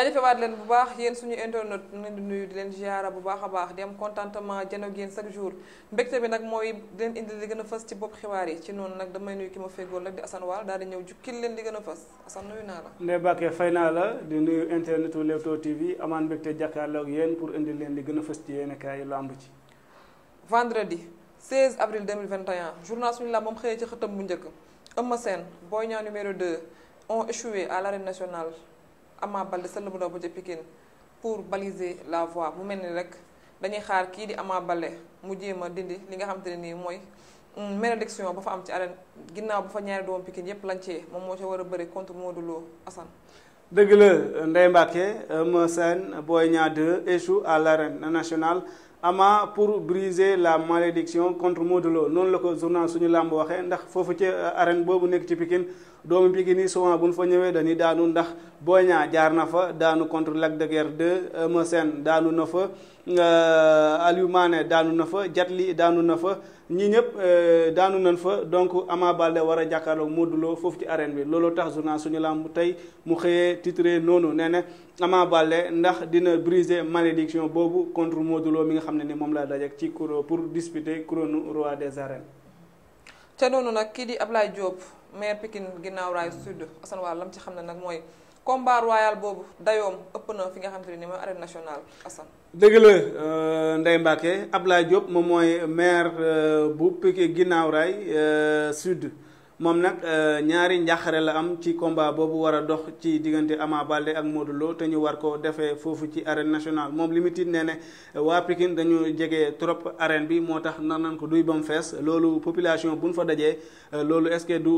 jaajëfewaat leen bu baax yéen suñu internet ñu di nuyu di leen ziara bu baax a baax di am contentement jano yéen chaque jour mbégte bi nag mooy di leen indi li gën a fës ci bopp xibaar yi ci noonu nag damay nuyu ki ma feggool rek di Assane Wall daal di ñëw jukkil leen li gën a fës Assane nuyu naa la Ndeye Bakké fay naa la di nuyu internet wu TV amaan mbégte jàkkaarloo ak yéen pour indi leen li gën a fës ci yéen kaay lamb ci vendredi 16 avril 2021 journal suñu lamb moom xëyee ci xëtam bu njëkk Eumeu Sène Boy Niang numéro 2 ont échoué à l'arène nationale Ama bale sa lëbu ndaw bu ca Pikine pour baliser la voie mu mel ni rek dañuy xaar kii di Ama bale mu jéem a dindi li nga xamante ne nii mooy malédiction ba fa am ci arène ginnaaw ba fa ñaari doomu Pikine yépp lancé moom moo ca war a bëri contre Modou Lo Assane dëgg la Ndeye Mbacke Eumeu Sène Boy Niang 2 échoue à l'arène nationale Ama pour briser la malédiction contre Modou Lo noonu la ko journal suñu làmb waxee ndax foofu ci euh, arène boobu nekk ci Pikine doomu Pikine yi souvent bu nu fa ñëwee dañuy daanu ndax Boy Niang jaar na fa daanu contre Lac de Guiers 2 Eumeu daanu na fa euh, Aliou Mané daanu na fa Jatli daanu na fa ñi ñëpp euh, daanu nañ fa donc Ama Baldé war a jàkkaarloo Modou foofu ci arène bi looloo tax journal suñu làmb tey mu xëyee titré noonu nee na Ama Baldé ndax dina briser malédiction boobu contre Modou mi nga xam ne ni moom laa dajek ci pour disputer couronne roi des arènes. te noonu nag kii di Ablaye Diop. maire Pikine ginnaaw raay sud Assane Wala lam ci xam ne nag mooy combat royal boobu dayoom ëpp na fi nga xam te ne nii mooy arène nationale Assane. dëgg la euh, Ndeye Mbacke Ablaye Diop moom mooy maire euh, bu Pikine ginnaaw raay euh, sud. moom nag euh, ñaari njàqare la am ci combat boobu war a dox ci diggante Ama Baldé ak Modou Lo te ñu war ko defee foofu ci arène nationale moom li mu tiit nee ne euh, waa Pikine dañu jege trop arène bi moo tax nan nañ ko duy ba fees loolu population bu nu fa dajee euh, loolu est-ce que du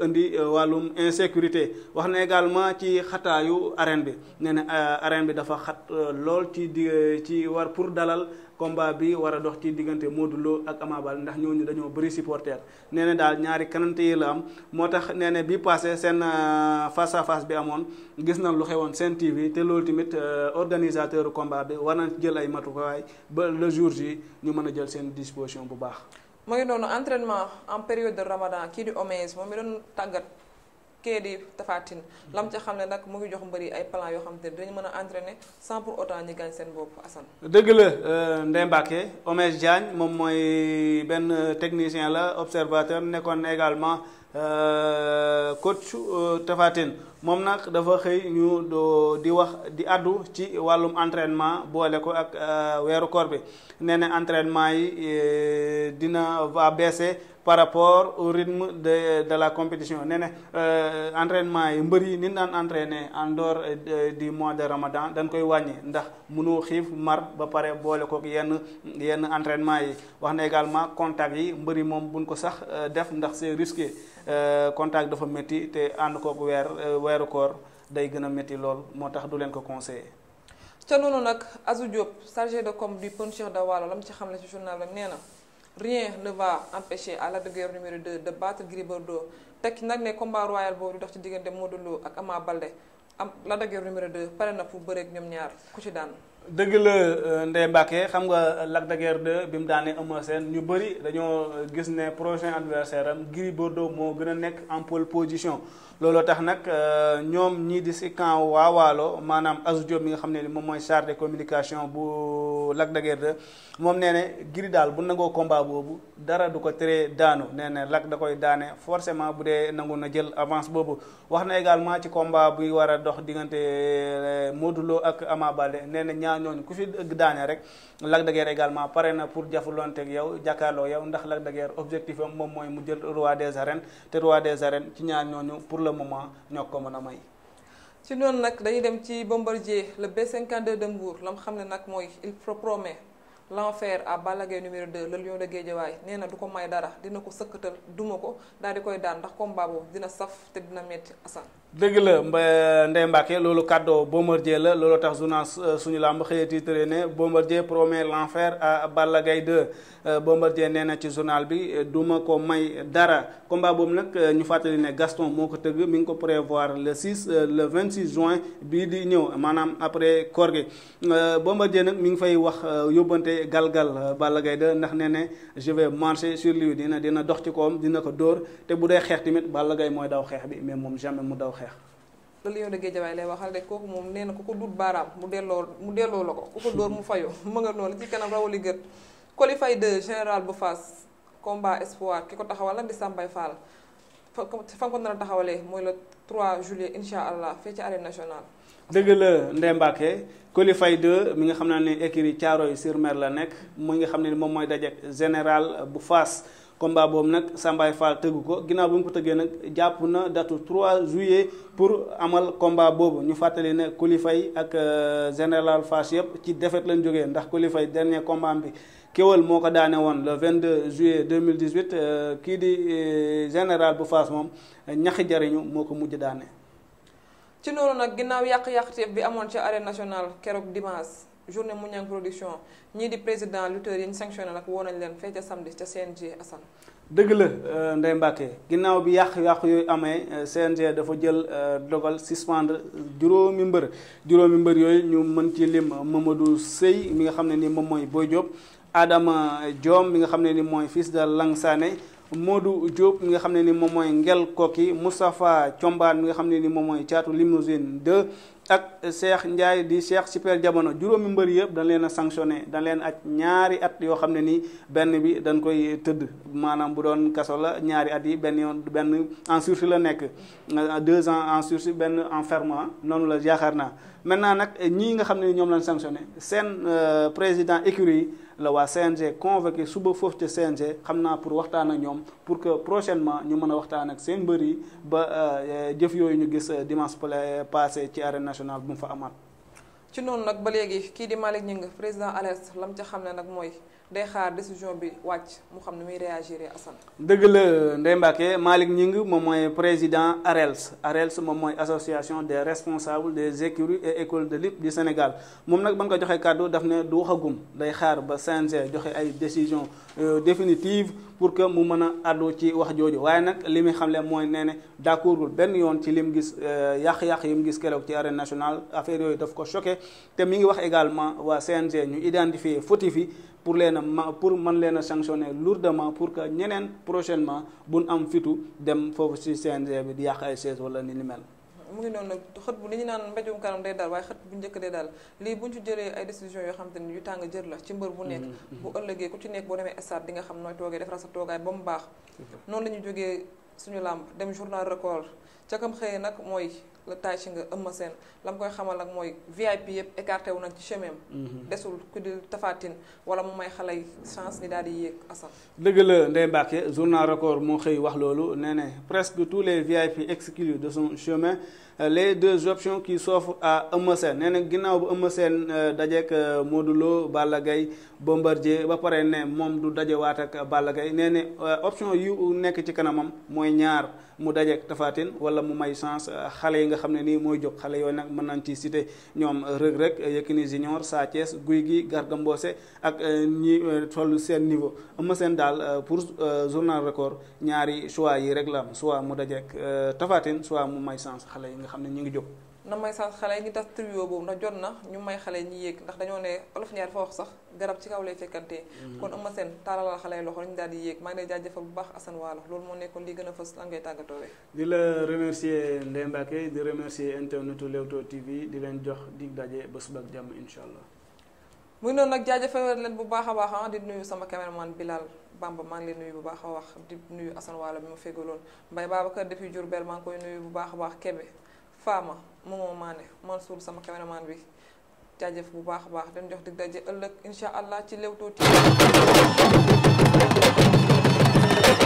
indi wàllum insécurité wax na également ci xataayu arène bi nee na arène bi dafa xat lool ci di ci war pour dalal combat bi war a dox ci diggante Modou Lo ak Ama Baldé ndax ñooñu dañoo bëri supporter nee na daal ñaari kanante yi la am moo tax nee na bi passé seen euh, face à face bi amoon gis nañ lu xewoon seen TV te loolu tamit euh, organisateur combat bi war nañ jël ay matukaay ba le jour ji ñu mën a jël seen disposition bu baax. mu ngi noonu entraînement en période de Ramadan kii di Omez moom mi doon tàggat. kii di tafaatin lam ca xam ne nag mu ngi jox mbëri ay plan yoo xam te dañ mën a entraîner san pour autant ñi gaañ seen bopp Assane dëgg la euh, Ndeye Mbacke Omès Diagne moom mooy benn technicien la observateur nekkoon également euh, coach euh, Tafatine moom nag dafa xëy ñu do di wax di addu ci wàllum entrainement boole ko ak weeru koor bi nee na entraînement yi dina va baisser par rapport au rythme de de la compétition nee na euh, entraînement yi mbër yi ni naan daan entraîner en dehors euh, du mois de Ramadan dañ koy wàññi ndax mënoo xiif mar ba pare boole kook yenn yenn entraînement yi wax na également contact yi mbër yi moom buñ ko sax euh, def ndax c'est risqué contact dafa métti te ànd kook weer weeru koor day gën a métti lool moo tax du leen ko conseiller. ca noonu nag Azou Diop chargé de com du Puncheur de Waalo la mu xam xamle ci journal nee na. rien ne va empêcher à Lac de Guiers numéro 2 de battre Gris Bordeaux tekki nag ne combat royal boobu di dox ci diggante Modou Lo ak Ama Baldé am Lac de Guiers numéro 2 pare na pour bëreek ñoom ñaar ku ci daan. dëgg la euh, Ndeye Mbacke xam nga Lac de Guiers bi mu daanee Eumeu Sène ñu bëri dañoo euh, gis ne prochain adversaire am Gris Bordeaux moo gën a nekk en pole position looloo tax nag euh, ñoom ñii di si camp waa Waalo maanaam Azou Diop mi nga xam ne ni moom mooy chargé de communication bu Lac de moom nee ne Gris daal bu nangoo combat boobu dara du ko teree daanu nee ne Lac da koy daanee forcément bu dee nangu na jël avance boobu wax na également ci combat buy war a dox diggante Modou Lo ak naa ñooñu ku fi dëgg daane rek Lac de Guiers également pare na pour jafulonteeg yow jàkkaarloo yow ndax Lac de Guiers objectif am moom mooy mu jël roi des arènes te roi des arènes ci ñaar ñooñu pour le moment ñoo ko mën a may. ci noonu nag dañuy dem ci bombardier le B52 de la mu xam ne nag mooy il promet l'enfer à Balla Gaye numéro 2 le lion de Guédiawaye nee na du ko may dara dina ko sëkkatal duma ko daal di koy daan ndax combat dina saf te dina metti Assane dëgg la mba Ndeye Mbacke loolu kàddoo Bombardier la looloo tax journal euh, suñu làmb xëyee titre ne Bombardier promet l'enfer à Balla Gaye 2 euh, Bombardier nee na ci journal bi euh, duma ko may dara combat boobu nag ñu fàttali ne Gaston moo ko tëgg mi ngi ko prévoir le 6 le 26 juin bii di ñëw maanaam après koor gi Bombardier nag mi ngi fay wax yóbbante koy galgal euh, Balla Gaye de ndax ne ne je vais marcher sur lui dina dina dox ci kawam dina ko dóor te bu dee xeex tamit Balla gay mooy daw xeex bi mais moom jamais mu daw xeex. la Lion de Guédiawaye lay waxal de kooku moom nee na ku ko dut baaraam mu delloo mu delloo la ko ku ko dóor mu fayoo mu nga noonu ci kanam rawali gët qualifié de général bu Fass combat espoir ki ko taxawal la di Sambay Fall. fa nga ko nar a taxawalee mooy la 3 juillet incha allah fee ci arène nationale. dëgg la Ndembake Coly Faye mi nga xam ne écurie caaro sur Mer la nekk mu nga xam ne moom mooy daje général bu Fass. combat boobu nag Sambaay Fall tëgg ko ginnaaw bi mu ko tëggee nag jàpp na datu 3 juillet pour amal combat boobu ñu fàttali ne Kulifay ak euh, général Fass yëpp ci défaite lañ jógee ndax Kulifay dernier combat bi kéwal moo ko daane woon le 22 juillet 2018 euh, kii di euh, général bu Fass moom ñaxi jariñu moo ko mujj daane. ci loolu nag ginnaaw yàq-yàq teef bi amoon ci arène national keroog dimanche. journée Mouniang production ñii di président lutteurs yi ñu sanctionné nag woo nañ leen fee ca samedi ca CNG Assane. dëgg la euh, Ndeye Mbacke ginnaaw bi yàq yàqu yooyu amee euh, CNG dafa jël euh, dogal suspendre juróomi mbër juróomi mbër yooyu ñu mën ci lim Mamadou Sey mi nga xam ne ni moom mooy Boy Diop Adama Diom mi nga xam ne ni mooy fils de Lang Sané. Modou Diop mi nga xam ne ni moom mooy Ngel Koki Moustapha combaan mi nga xam ne ni moom mooy caatu limousine de ak Cheikh Ndiaye di Cheikh Super Jamono juróomi mbër yëpp dañ leen a sanctionné dañ leen aj ñaari at yoo xam ne nii benn bi dañ koy tëdd maanaam bu doon kaso la ñaari at yi benn yoon benn en sursis la nekk euh, deux ans en sursis benn enfermement ah, noonu la yaakaar naa maintenant nag ñii nga xam ne ñoom lañ sanctionné seen euh, président écurie yi la waa CNG convoqué suba foofu ca CNG xam naa pour waxtaan ak ñoom pour que prochainement ñu mën a waxtaan ak seen mbër yi ba euh, jëf yooyu ñu gis euh, dimanche euh, passé ci arène nationale bu mu fa amaat. ci noonu nag ba léegi kii di Malick Gningue président alerte lam ca xam ne nag mooy day xaar décision bi wàcc mu xam ne muy réagir Assane. dëgg la Ndeye Mbacke Malick Gningue moom mooy président ARELS ARELS moom mooy association des responsables des écuries et écoles de lutte du Sénégal moom nag ba nga ko joxee kàddu daf ne du waxagum day xaar ba CNG joxe ay décision euh, définitive pour que mu mën a àddu ci wax jooju waaye nag li muy xamle mooy nee ne d'accordul benn yoon ci li mu gis euh, yàq-yàq yi mu gis keroog ci arène nationale affaire yooyu daf ko choqué te mi ngi wax également waa CNG ñu identifier fautif yi pour leen a ma pour man leen a sanctionner lourdement pour que ñeneen prochainement buñ am fitu dem foofu ci CNG bi di yàq ay chaise wala ni ni mel. mu ngi noonu nag xët bu li ñu naan mbéjum kanam day daal waaye xët bu njëkk day daal lii bu ñu ci jëlee ay décision yoo xam te ne yu tàng jër la ci mbër bu nekk mm-hmm, mm-hmm. bu ëllëgee ku ci nekk boo demee stade di nga xam nooy toogee defar sa toogaay ba mu baax noonu la ñuy jógee suñu làmb dem journal record ca kam xëyee mooy la tay si nga ëmma seen la mu koy xamal ak mooy VIP yëpp écarté wu nañ ci chemin mhm. desul ku di tafaatin wala mu may xale yi chance ni daal di yéeg asal dëgg la Ndeye Mbacke journal record moo xëy wax loolu nee ne presque tous les VIP exclus de son chemin euh, les deux options qui s'offrent à Eumeu Sène nee na ginnaaw bu Eumeu Sène euh, dajeek euh, Modou Lo Balla Gaye Bombardier ba pare ne moom du dajewaat ak Balla Gaye nee ne option yu nekk ci kanamam mooy ñaar mu daje tafaatin wala mu may chance xale yi nga xam ne nii mooy jóg xale yooyu nag mën nañ ci cité ñoom Reug Reug Yékini Junior Sa Thiès Gouye Gui Garga ak euh, ñi euh, toll seen niveau am seen daal euh, pour journal record ñaari choix yi rek la soit mu dajeek Tapha Tine soit mu may chance xale yi nga xam ne ñu ngi jóg na may sant xale ñu def trio boobu ndax jot na ñu may xale ñi yéeg ndax dañoo ne olof ñaar fa wax sax garab ci kaw lay fekkantee mhm. kon ëma seen taalalal xale loxo ñu daal di yéeg maa ngi lay jaajëfal bu baax Assane Waalo loolu moo nekkoon li gën a fës lan ngay di la remercier Ndeye Mbacke di remercier internetu Leewtoo TV di leen jox dig daje ba suba ak jàmm incha allah muy noonu nag jaajëfal bu baax a baax ah, di nuyu sama caméraman Bilal Bamba maa ngi leen nuyu bu baax a wax di nuyu Assane Waalo bi ma fégaloon Mbaye Babacar depuis Diourbel maa ngi koy nuyu bu baax a baax Kébé Fama moomoo Mané Mansour sama caméraman bi jaajëf bu baax a baax dañ jox dig daje ëllëg incha allah ci Leewtoo TV